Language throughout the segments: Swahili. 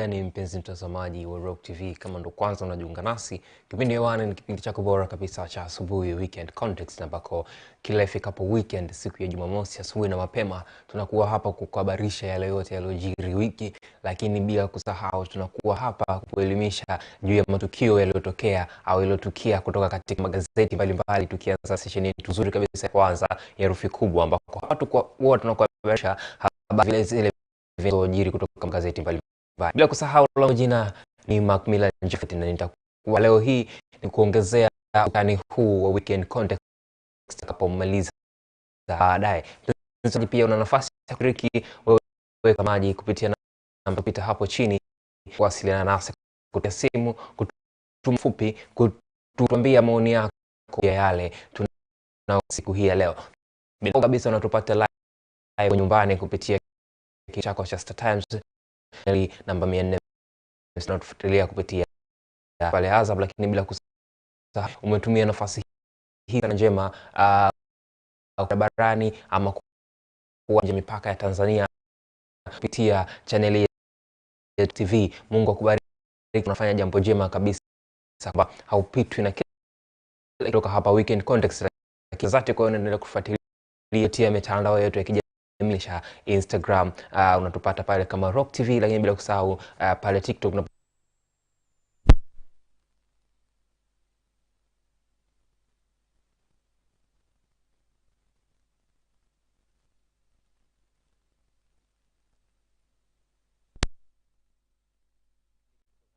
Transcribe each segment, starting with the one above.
gani mpenzi mtazamaji wa rock TV, kama ndo kwanza unajiunga nasi, kipindi hewani ni kipindi chako bora kabisa cha asubuhi, Weekend Context, ambako kila ifikapo weekend, siku ya Jumamosi asubuhi na mapema, tunakuwa hapa kukuhabarisha yale yote yaliyojiri wiki, lakini bila kusahau, tunakuwa hapa kuelimisha juu ya matukio yaliyotokea au yaliyotukia kutoka katika magazeti mbalimbali, tukianza sesheni yetu nzuri kabisa ya kwanza ya rufi kubwa, ambako hapa tunakuhabarisha habari zile zilizojiri kutoka magazeti mbalimbali mbalimbali, bila kusahau langu jina ni Macmillan Jeffet, na nitakuwa leo hii ni kuongezea utani huu wa weekend context takapomaliza baadaye. Mtazamaji pia una nafasi ya kushiriki wewe maji kupitia namba pita hapo chini, kuwasiliana nasi kupitia simu, kutuma fupi, kutuambia maoni yako ya yale tuna siku hii ya leo. Bila kabisa unatupata live nyumbani kupitia kichako chako cha Star Times Yaani namba mia nne tufuatilia kupitia pale Azam, lakini bila kusa umetumia nafasi hii njema uh, barani ama kuanja mipaka ya Tanzania kupitia chaneli ya TV. Mungu akubariki, unafanya jambo jema kabisa, kwamba haupitwi na kila kutoka hapa Weekend Context zati. Kwa unaendelea kufuatilia mitandao yetu ya kijamii Instagram uh, unatupata pale kama Rock TV, lakini bila kusahau uh, pale TikTok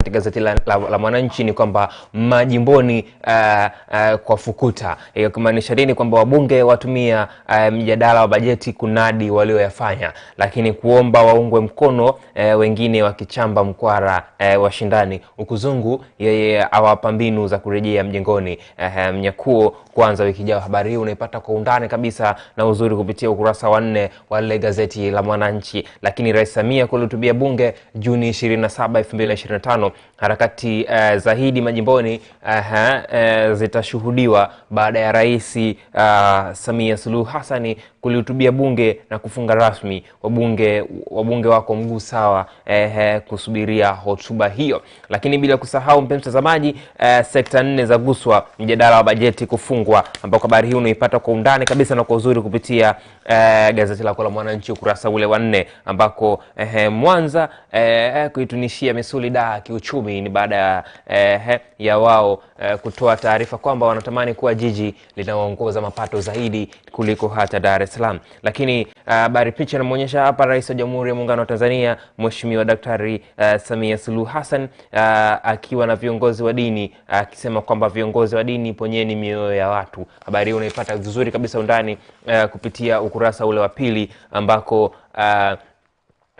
katika gazeti la, la, la Mwananchi ni kwamba majimboni uh, uh, kwa fukuta hiyo eh, e, kumaanisha nini? Kwamba wabunge watumia uh, mjadala wa bajeti kunadi walioyafanya, lakini kuomba waungwe mkono uh, wengine wakichamba mkwara uh, washindani. Ukuzungu yeye awapa mbinu za kurejea mjengoni. Uh, mnyakuo kwanza wiki ijayo. Habari hii unaipata kwa undani kabisa na uzuri kupitia ukurasa wa nne wa lile gazeti la Mwananchi. Lakini Rais Samia kulihutubia bunge Juni 27, 2025 harakati uh, eh, zaidi majimboni uh, uh, zitashuhudiwa baada ya Rais uh, Samia Suluhu Hassani kulihutubia bunge na kufunga rasmi wabunge, wabunge wako mguu sawa eh, kusubiria hotuba hiyo. Lakini bila kusahau mpenzi mtazamaji, eh, sekta nne za guswa mjadala wa bajeti kufungwa, ambapo habari hii unaipata kwa undani kabisa na kwa uzuri kupitia eh, gazeti lako la Mwananchi ukurasa ule wa nne, ambako eh, Mwanza eh, kuitunishia misuli da kiuchumi ni baada eh, ya wao eh, kutoa taarifa kwamba wanatamani kuwa jiji linaoongoza mapato zaidi kuliko hata Dar es Salaam. Lakini uh, habari uh, picha inamwonyesha hapa Rais wa Jamhuri ya Muungano wa Tanzania Mheshimiwa Daktari uh, Samia Suluhu Hassan uh, akiwa na viongozi wa dini uh, akisema uh, kwamba viongozi wa dini ponyeni mioyo ya watu. Habari hiyo unaipata vizuri kabisa undani uh, kupitia ukurasa ule wa pili ambako uh,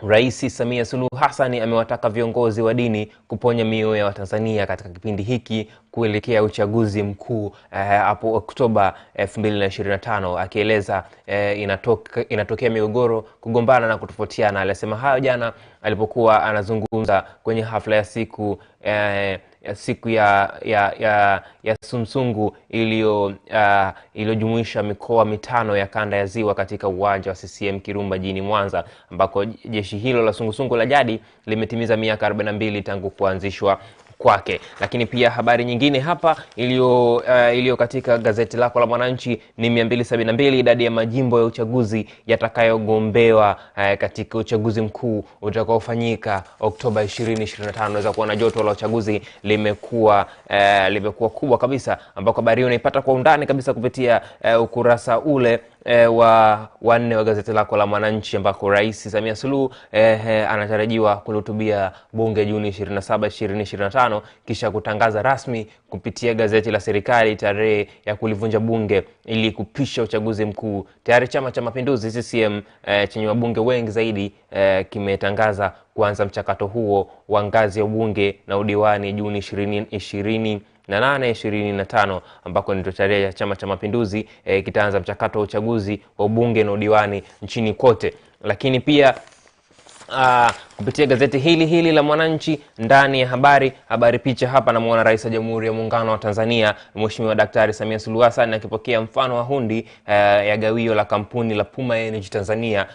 Rais Samia Suluhu Hassan amewataka viongozi wa dini kuponya mioyo ya Watanzania katika kipindi hiki kuelekea uchaguzi mkuu eh, hapo eh, Oktoba 2025 akieleza eh, inatoke, inatokea migogoro, kugombana na kutofautiana. Alisema hayo jana alipokuwa anazungumza kwenye hafla ya siku eh, ya siku ya ya ya, ya sumsungu iliyo uh, iliyojumuisha mikoa mitano ya kanda ya ziwa katika uwanja wa CCM Kirumba jini Mwanza, ambako jeshi hilo la sungusungu la jadi limetimiza miaka 42 tangu kuanzishwa kwake. Lakini pia habari nyingine hapa iliyo uh, iliyo katika gazeti lako la Mwananchi ni 272 idadi ya majimbo ya uchaguzi yatakayogombewa uh, katika uchaguzi mkuu utakaofanyika Oktoba 2025. Unaweza kuona joto la uchaguzi limekuwa uh, limekuwa kubwa kabisa, ambako habari hiyo unaipata kwa undani kabisa kupitia uh, ukurasa ule e, wa wanne wa gazeti lako la Mwananchi ambako Rais Samia Suluhu e, anatarajiwa kulihutubia bunge Juni 27, 2025 kisha kutangaza rasmi kupitia gazeti la serikali tarehe ya kulivunja bunge ili kupisha uchaguzi mkuu. Tayari Chama cha Mapinduzi CCM e, chenye wabunge wengi zaidi e, kimetangaza kuanza mchakato huo wa ngazi ya ubunge na udiwani Juni 20 na tano ambako ndio tarehe ya Chama cha Mapinduzi e, kitaanza mchakato wa uchaguzi wa ubunge na udiwani nchini kote, lakini pia Uh, kupitia gazeti hili hili la Mwananchi ndani ya habari habari picha hapa, namwona Rais wa Jamhuri ya Muungano wa Tanzania Mheshimiwa Daktari Samia Suluhu Hassan akipokea mfano wa hundi uh, ya gawio la kampuni la Puma Energy Tanzania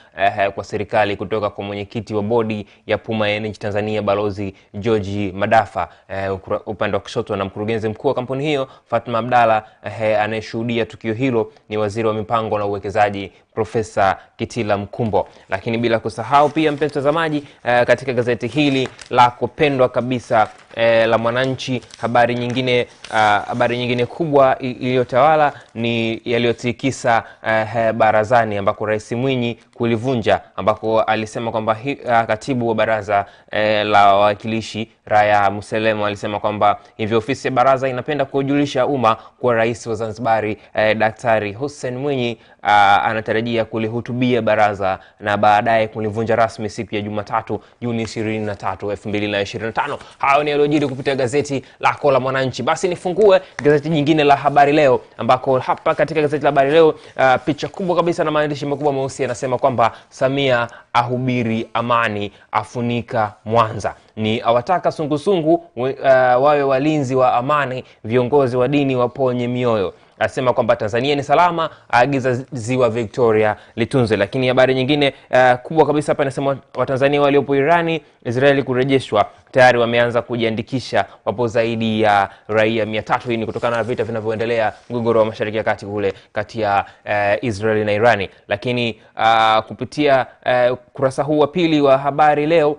uh, kwa serikali kutoka kwa mwenyekiti wa bodi ya Puma Energy Tanzania Balozi George Madafa uh, upande wa kushoto, na mkurugenzi mkuu wa kampuni hiyo Fatma Abdalla uh, anayeshuhudia tukio hilo ni Waziri wa Mipango na Uwekezaji Profesa Kitila Mkumbo, lakini bila kusahau pia mpenzi mtazamaji eh, katika gazeti hili la kupendwa kabisa eh, la Mwananchi. Habari nyingine uh, habari nyingine kubwa iliyotawala ni yaliyotikisa eh, barazani ambako Rais Mwinyi kulivunja, ambako alisema kwamba ah, katibu wa baraza eh, la wawakilishi Raya Muselemu alisema kwamba hivyo ofisi ya baraza inapenda kujulisha umma kuwa Rais wa Zanzibari eh, Daktari Hussein Mwinyi uh, anatarajia kulihutubia baraza na baadaye kulivunja rasmi siku ya Jumatatu Juni 23, 2025. Hayo ni yaliyojiri kupitia gazeti lako la Mwananchi. Basi nifungue gazeti jingine la Habari Leo, ambako hapa katika gazeti la Habari Leo uh, picha kubwa kabisa na maandishi makubwa meusi yanasema kwamba Samia ahubiri amani, afunika Mwanza ni awataka sungusungu -sungu, uh, ah, wawe walinzi wa amani, viongozi wa dini waponye mioyo asema kwamba Tanzania ni salama, aagiza ziwa Victoria litunze Lakini habari nyingine uh, kubwa kabisa hapa inasema Watanzania waliopo Irani, Israeli kurejeshwa tayari wameanza kujiandikisha, wapo zaidi ya raia mia tatu. Hii ni kutokana na vita vinavyoendelea, mgogoro wa mashariki ya kati kule kati ya uh, Israeli na Irani. Lakini uh, kupitia uh, eh, kurasa huu wa pili wa habari leo, uh,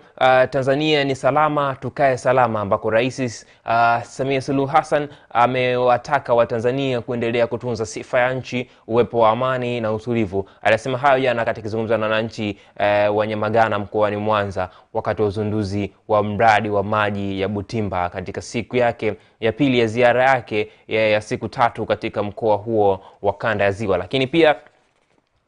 Tanzania ni salama, tukae salama, ambako Rais uh, Samia Suluhu Hassan amewataka Watanzania kuendelea kutunza sifa ya nchi, uwepo wa amani na utulivu. Alisema hayo jana katika kizungumza na wananchi uh, wa Nyamagana mkoani Mwanza wakati wa uzinduzi wa mradi mradi wa maji ya Butimba katika siku yake ya pili ya ziara yake ya, ya siku tatu katika mkoa huo wa kanda ya Ziwa, lakini pia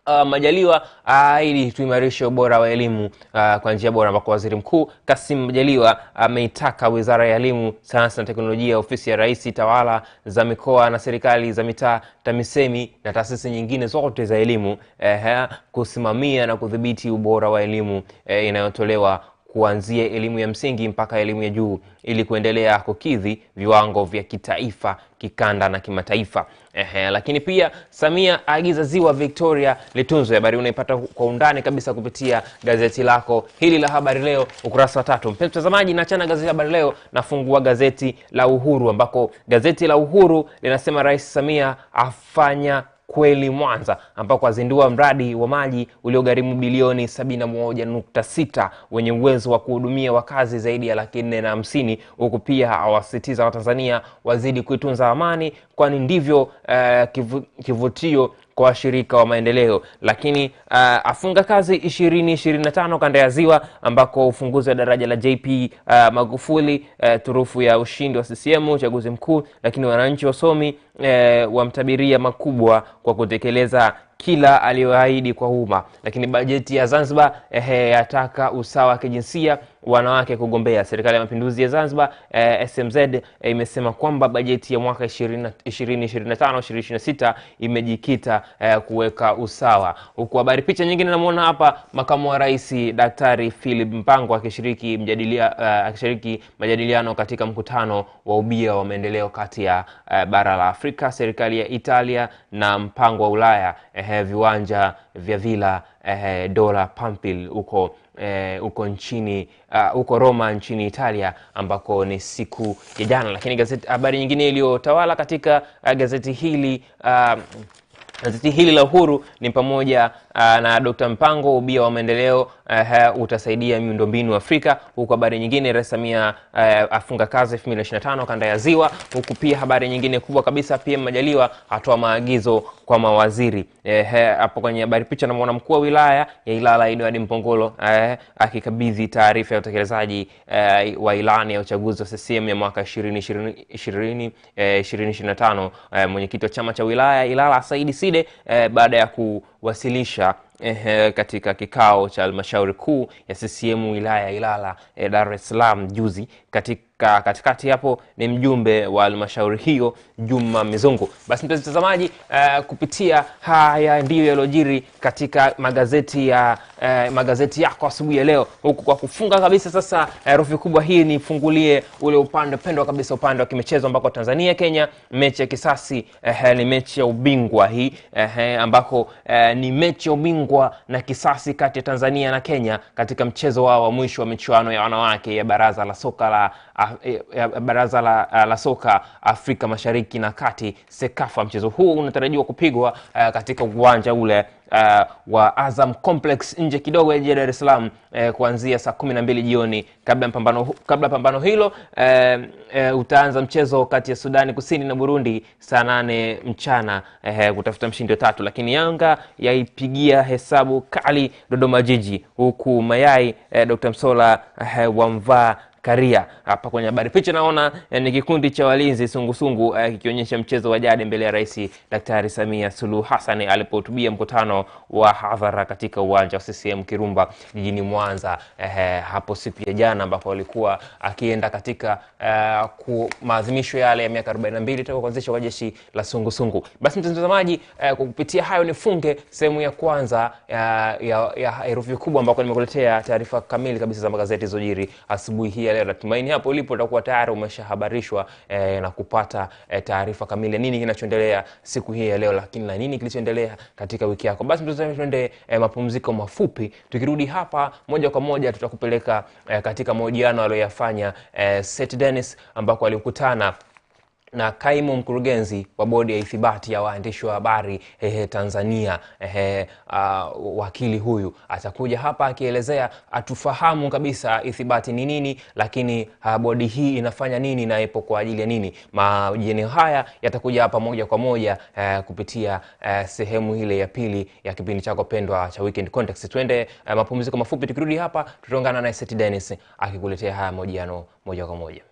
Uh, Majaliwa aahidi uh, tuimarishe ubora wa elimu uh, kwa njia bora ambako Waziri Mkuu Kassim Majaliwa ameitaka uh, Wizara ya Elimu, Sayansi na Teknolojia, Ofisi ya Rais, Tawala za Mikoa na Serikali za Mitaa, TAMISEMI na taasisi nyingine zote za elimu uh, kusimamia na kudhibiti ubora wa elimu uh, inayotolewa kuanzia elimu ya msingi mpaka elimu ya juu ili kuendelea kukidhi viwango vya kitaifa, kikanda na kimataifa. Ehe, lakini pia Samia aagiza ziwa Victoria litunzwe. Habari unaipata kwa undani kabisa kupitia gazeti lako hili la Habari Leo ukurasa wa tatu. Mpenzi mtazamaji, naachana gazeti Habari Leo, nafungua gazeti la Uhuru ambako gazeti la Uhuru linasema Rais Samia afanya kweli Mwanza ambako azindua mradi wa maji uliogharimu bilioni 71.6 wenye uwezo wa kuhudumia wakazi zaidi ya laki nne na hamsini huku pia awasisitiza Watanzania wazidi kuitunza amani kwani ndivyo uh, kivutio kwa washirika wa maendeleo, lakini uh, afunga kazi 2025 kanda ya Ziwa, ambako ufunguzi wa daraja la JP uh, Magufuli uh, turufu ya ushindi wa CCM uchaguzi mkuu, lakini wananchi wasomi uh, wamtabiria makubwa kwa kutekeleza kila aliyoahidi kwa umma. Lakini bajeti ya Zanzibar yataka usawa wa kijinsia wanawake kugombea. Serikali ya Mapinduzi ya Zanzibar eh, SMZ eh, imesema kwamba bajeti ya mwaka 2025-2026 imejikita eh, kuweka usawa. Huku habari picha nyingine namuona hapa makamu wa rais Daktari Philip Mpango akishiriki mjadilia, eh, akishiriki majadiliano katika mkutano wa ubia wa maendeleo kati ya eh, bara la Afrika, serikali ya Italia na mpango wa Ulaya eh, viwanja vya vila eh, dola Pampil huko huko eh, nchini huko ah, uh, Roma nchini Italia ambako ni siku ya jana. Lakini gazeti habari nyingine iliyotawala katika uh, gazeti hili uh, Gazeti hili la Uhuru ni pamoja uh, na Dr. Mpango ubia wa maendeleo uh, utasaidia miundombinu Afrika, huku habari nyingine Rais Samia uh, afunga kazi 2025 kanda ya Ziwa, huku pia habari nyingine kubwa kabisa PM Majaliwa atoa maagizo kwa mawaziri eh, hapo. Uh, kwenye habari picha namwona mkuu wa wilaya ya Ilala Edward Mpongolo uh, akikabidhi taarifa ya utekelezaji uh, wa ilani ya uchaguzi wa CCM ya mwaka 2020 2025 uh, mwenyekiti wa chama cha wilaya Ilala Saidi vile eh, baada ya kuwasilisha eh, katika kikao cha halmashauri kuu ya CCM wilaya ya Ilala eh, Dar es Salaam juzi katika katika katikati hapo ni mjumbe wa halmashauri hiyo Juma Mizungu. Basi mtazamaji, uh, kupitia haya ndiyo yaliyojiri katika magazeti ya uh, magazeti yako asubuhi ya leo, huku kwa kufunga kabisa sasa eh, herufi uh, kubwa hii nifungulie ule upande pendwa kabisa, upande wa kimichezo ambako Tanzania Kenya, mechi ya kisasi uh, ni mechi ya ubingwa hii uh, ambako uh, ni mechi ya ubingwa na kisasi kati ya Tanzania na Kenya katika mchezo wao wa mwisho wa michuano ya wanawake ya baraza la soka la ya eh, eh, baraza la, eh, la soka Afrika Mashariki na Kati Sekafa. Mchezo huu unatarajiwa kupigwa katika uwanja ule Uh, wa Azam Complex nje kidogo ya jiji Dar es Salaam uh, kuanzia saa kumi na mbili jioni. Kabla pambano, kabla pambano hilo uh, uh, utaanza mchezo kati ya Sudani Kusini na Burundi saa nane mchana uh, kutafuta mshindi wa tatu, lakini Yanga yaipigia hesabu kali Dodoma Jiji, huku mayai uh, Dr. Msola eh, wamvaa Karia. Hapa kwenye habari picha naona eh, ni kikundi cha walinzi sungusungu eh, kikionyesha mchezo wa jadi mbele ya Rais Daktari Samia Suluhu Hassan alipohutubia mkutano wa hadhara katika uwanja wa CCM Kirumba jijini Mwanza eh, hapo siku ya jana ambapo alikuwa akienda katika eh, maadhimisho yale ya miaka 42 toka kuanzishwa kwa jeshi la sungusungu. Basi mtazamaji, eh, kwa kupitia hayo nifunge sehemu ya kwanza ya, eh, ya, ya herufi kubwa ambako nimekuletea taarifa kamili kabisa za magazeti zojiri asubuhi hii ya leo. Natumaini hapo ulipo utakuwa tayari umeshahabarishwa eh, na kupata eh, taarifa kamili nini kinachoendelea siku hii ya leo, lakini na nini kilichoendelea katika wiki yako. Basi mtazamaji, tuende eh, mapumziko mafupi. Tukirudi hapa moja kwa moja tutakupeleka eh, katika mahojiano aliyoyafanya eh, Seth Dennis ambako alikutana na kaimu mkurugenzi wa bodi ya ithibati ya waandishi wa habari eh, Tanzania eh, uh, wakili huyu atakuja hapa akielezea atufahamu kabisa ithibati ni nini, lakini uh, bodi hii inafanya nini na ipo kwa ajili ya nini. Mahojiano haya yatakuja hapa moja kwa moja eh, kupitia eh, sehemu ile ya pili ya kipindi chako pendwa cha Weekend Context. Twende eh, mapumziko mafupi, tukirudi hapa tutaungana na Seth Dennis akikuletea haya mahojiano moja kwa moja.